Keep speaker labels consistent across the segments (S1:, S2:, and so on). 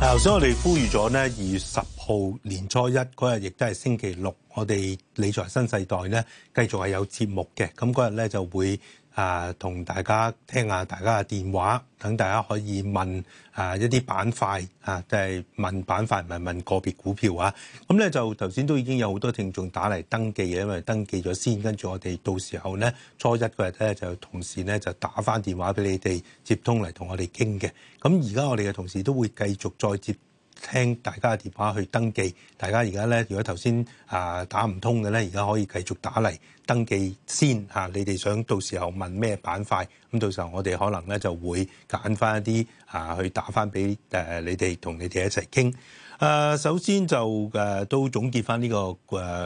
S1: 頭先我哋呼籲咗咧，二月十號年初一嗰日亦都係星期六，我哋理財新世代咧繼續係有節目嘅，咁嗰日咧就會。啊，同大家聽下大家嘅電話，等大家可以問啊一啲板塊啊，即係問板塊，唔係問個別股票啊。咁、啊、咧就頭先都已經有好多聽眾打嚟登記嘅，因為登記咗先，跟住我哋到時候咧初一嗰日咧就同事咧就打返電話俾你哋接通嚟同我哋傾嘅。咁而家我哋嘅同事都會繼續再接。聽大家嘅電話去登記，大家而家咧，如果頭先啊打唔通嘅咧，而家可以繼續打嚟登記先嚇。你哋想到時候問咩板塊？咁到時候我哋可能咧就會揀翻一啲嚇去打翻俾誒你哋，同你哋一齊傾。誒首先就誒都總結翻呢個誒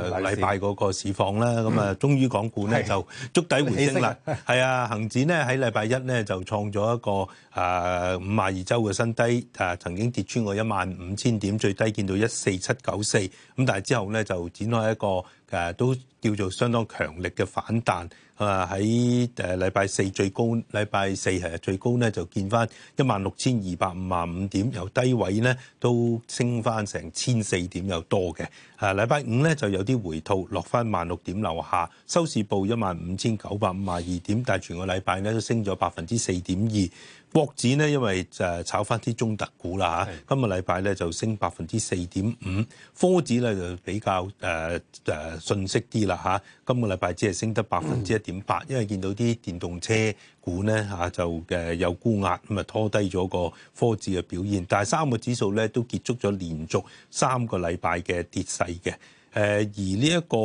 S1: 禮拜嗰個市況啦。咁啊事，終於港股咧就觸底回升啦。係、嗯嗯、啊，恒指咧喺禮拜一咧就創咗一個誒五十二週嘅新低，誒曾經跌穿過一萬五千點，最低見到一四七九四。咁但係之後咧就展開一個誒都叫做相當強力嘅反彈，啊喺誒禮拜四最高，禮拜四係最高咧就見翻一萬六千二百五十五點，由低位咧都升翻成千四點有多嘅。啊，禮拜五咧就有啲回吐，落翻萬六點樓下，收市報一萬五千九百五十二點，但係全個禮拜咧都升咗百分之四點二。國指咧，因為就係炒翻啲中特股啦嚇，今個禮拜咧就升百分之四點五，科指咧就比較誒誒遜息啲啦嚇，今個禮拜只係升得百分之一點八，因為見到啲電動車股咧嚇就誒有沽壓，咁啊拖低咗個科指嘅表現。但係三個指數咧都結束咗連續三個禮拜嘅跌勢嘅。誒、呃、而呢一個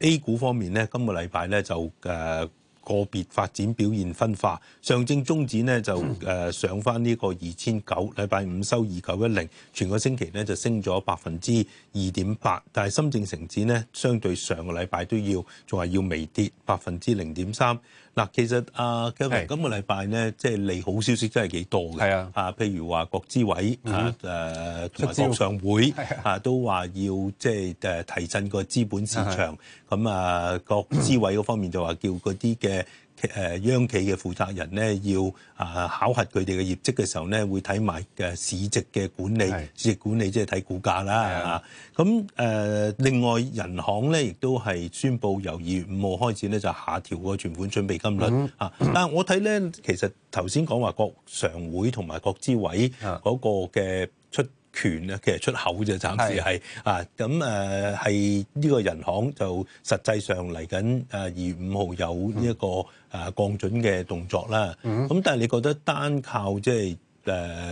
S1: A 股方面咧，今個禮拜咧就誒。呃個別發展表現分化，上證中指呢，就誒、呃、上返呢個二千九，禮拜五收二九一零，全個星期咧就升咗百分之二點八。但係深證成指呢，相對上個禮拜都要，仲係要微跌百分之零點三。嗱，其實啊 Kevin, 的今個禮拜咧，即係利好消息真係幾多嘅。係啊的，啊，譬如話國資委、嗯、啊，誒同埋國常會的啊，都話要即係誒提振個資本市場。咁的啊，國資委嗰方面就話叫嗰啲嘅。誒央企嘅負責人咧，要啊考核佢哋嘅業績嘅時候咧，會睇埋嘅市值嘅管理，是市值管理即係睇股價啦嚇。咁誒的、啊，另外人行咧亦都係宣布由二月五號開始咧，就下調個存款準備金率、嗯、啊。但係我睇咧，其實頭先講話，國常會同埋國資委嗰個嘅出權咧，其實出口就暫時係啊。咁誒係呢個人行就實際上嚟緊誒，二五號有呢、這、一個誒、嗯呃、降準嘅動作啦。咁、嗯、但係你覺得單靠即係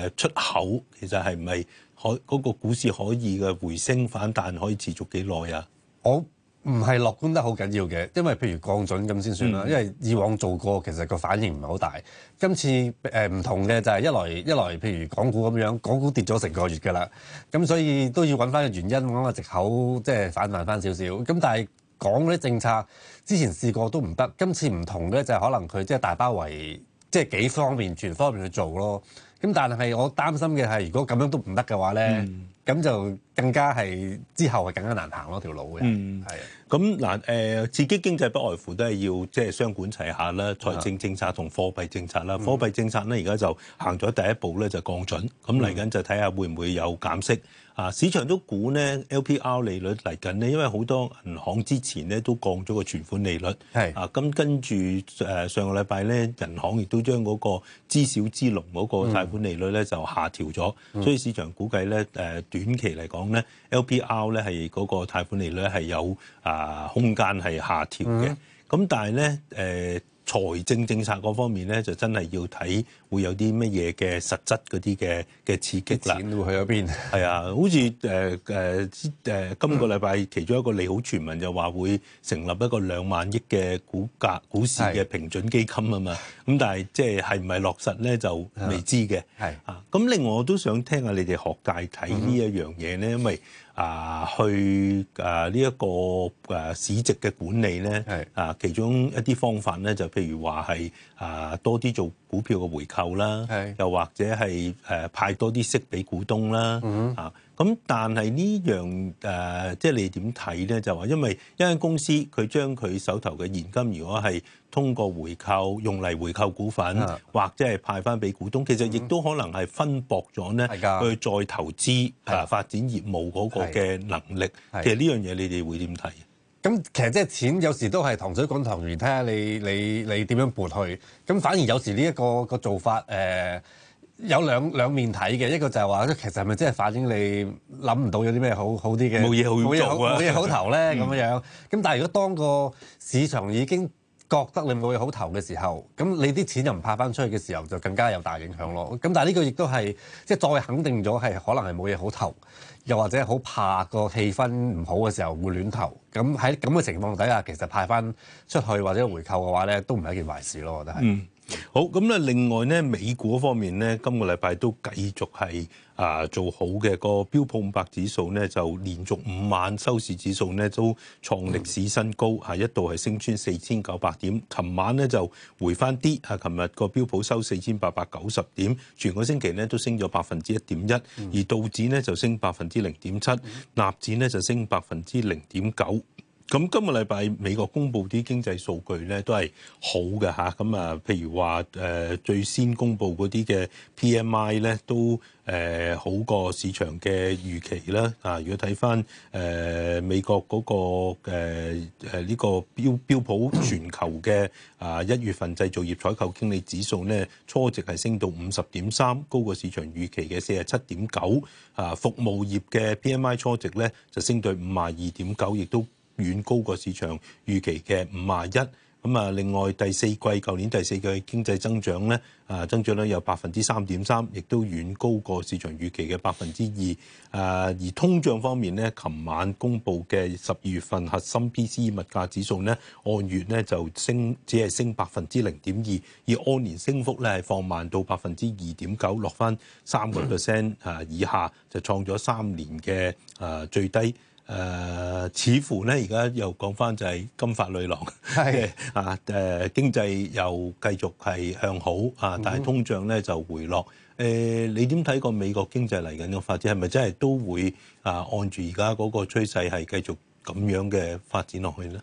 S1: 誒出口，其實係唔係可嗰、那個股市可以嘅回升反彈可以持續幾耐啊？我、哦
S2: 唔係樂觀得好緊要嘅，因為譬如降準咁先算啦。嗯、因為以往做過，其實個反應唔係好大。今次誒、呃、唔同嘅就係一來一來，譬如港股咁樣，港股跌咗成個月㗎啦。咁所以都要揾翻個原因，揾個藉口，即係反彈翻少少。咁但係講嗰啲政策之前試過都唔得，今次唔同嘅就係可能佢即係大包圍，即係幾方面、全方面去做咯。咁但係我擔心嘅係，如果咁樣都唔得嘅話咧。嗯咁就更加係之後係更加難行咯條路嘅。嗯，係
S1: 的。咁嗱，誒、呃，刺激經濟不外乎都係要即係雙管齊下啦，財政政策同貨幣政策啦。的貨幣政策咧，而家就行咗第一步咧，就降準。咁嚟緊就睇下會唔會有減息。啊，市場都估呢 LPR 利率嚟緊呢，因為好多銀行之前咧都降咗個存款利率。係的。啊，咁跟住誒上個禮拜咧，銀行亦都將嗰個支小支農嗰個貸款利率咧就下調咗。的嗯、所以市場估計咧誒。呃短期嚟講咧，LPR 咧係嗰個貸款利率係有啊空間係下調嘅。咁、嗯、但係咧誒。呃財政政策嗰方面咧，就真係要睇會有啲乜嘢嘅實質嗰啲嘅嘅刺激啦。錢會去邊？係啊， 好似誒誒誒，今個禮拜其中一個利好傳聞就話會成立一個兩萬億嘅股價股市嘅平準基金啊嘛。咁是但係即係係唔係落實咧就未知嘅。係啊。咁另外我都想聽下你哋學界睇呢一樣嘢咧，嗯、因為。啊，去啊呢一、這個誒、啊、市值嘅管理咧，啊其中一啲方法咧，就譬如話係啊多啲做股票嘅回購啦，是的 又或者係誒、啊、派多啲息俾股東啦，啊。嗯嗯咁但係呢樣誒、呃，即係你點睇咧？就話因為一間公司佢將佢手頭嘅現金，如果係通過回購用嚟回購股份，嗯、或者係派翻俾股東，其實亦都可能係分薄咗咧去再
S2: 投資誒、呃、的發展業務嗰個嘅能力。的其實樣呢樣嘢你哋會點睇？咁其實即係錢有時都係糖水滾糖漬，睇下你你你點樣撥去。咁反而有時呢一個個做法誒。呃呃有兩兩面睇嘅，一個就係話，其實係咪真係反映你諗唔到有啲咩好好啲嘅？冇嘢好用啊，冇嘢好投咧，咁樣、嗯。咁但係如果當個市場已經覺得你冇嘢好投嘅時候，咁你啲錢又唔派翻出去嘅時候，就更加有大影響咯。咁但係呢個亦都係即係再肯定咗係可能係冇嘢好投，又或者好怕個氣氛唔好嘅時候會亂投。咁喺咁嘅情況底下，其實派翻出去或者回購嘅話咧，都唔係一件壞事咯。我覺得係。嗯
S1: 好咁咧，另外咧，美股方面咧，今個禮拜都繼續係啊、呃、做好嘅、個標普五百指數咧，就連續五晚收市指數咧都創歷史新高，係一度係升穿四千九百點。琴晚咧就回翻啲，啊，琴日個標普收四千八百九十點，全個星期咧都升咗百分之一點一，而道指咧就升百分之零點七，納指咧就升百分之零點九。咁今個禮拜美國公布啲經濟數據咧，都係好嘅吓，咁啊，譬如話誒、呃，最先公布嗰啲嘅 P.M.I 咧，都誒好過市場嘅預期啦。啊，如果睇翻誒美國嗰、那個誒呢、呃這個標標普全球嘅啊一月份製造業採購經理指數咧，初值係升到五十點三，高過市場預期嘅四十七點九。啊，服務業嘅 P.M.I 初值咧就升到五十二點九，亦都。遠高過市，市場預期嘅五啊一，咁啊另外第四季舊年第四季經濟增長咧，啊增長率有百分之三點三，亦都遠高過市場預期嘅百分之二。啊而通脹方面呢，琴晚公布嘅十二月份核心 PCE 物價指數呢，按月呢就升，只係升百分之零點二，而按年升幅咧係放慢到百分之二點九，落翻三個 percent 嚇以下，就創咗三年嘅啊最低。誒，uh, 似乎咧而家又講翻就係金髮女郎嘅啊！誒是， 經濟又繼續係向好啊，但係通脹咧、嗯、就回落。誒、uh，你點睇個美國經濟嚟緊嘅發展係咪真係都會啊？按住而家嗰個趨勢係繼續咁樣嘅發展
S2: 落去咧？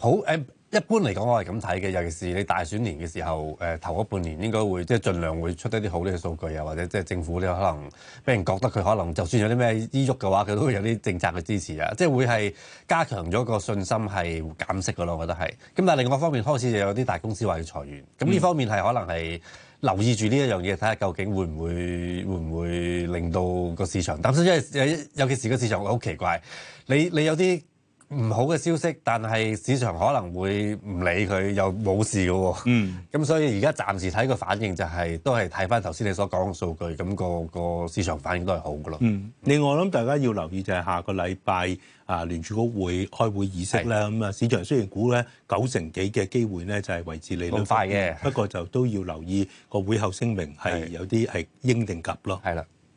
S2: 好誒。欸。一般嚟講，我係咁睇嘅，尤其是你大選年嘅時候，誒、呃、頭嗰半年應該會即係盡量會出得啲好啲嘅數據啊，或者即係政府你可能俾人覺得佢可能就算有啲咩依鬱嘅話，佢都會有啲政策嘅支持啊，即係會係加強咗個信心係減息嘅咯，我覺得係。咁但係另外一方面開始就有啲大公司話要裁員，咁呢方面係可能係留意住呢一樣嘢，睇下究竟會唔會會唔會令到個市場擔心，因為尤，尤其是個市場好奇怪，你你有啲，唔好嘅消息，但係市場可能會唔理佢又冇事嘅喎。嗯，咁所以而家暫時睇個反應就係、是、都係睇翻頭先你所講嘅數據，咁、那個個市場反應都係好嘅咯。嗯， 另外我諗大家要留意就係下個禮拜啊聯儲局會開會議息
S1: 啦。咁啊的、嗯，市場雖然估咧九成幾嘅機會咧就係維持利率，好快嘅。不過就都要留意個會後聲明係有啲係鷹定鴿咯。係啦。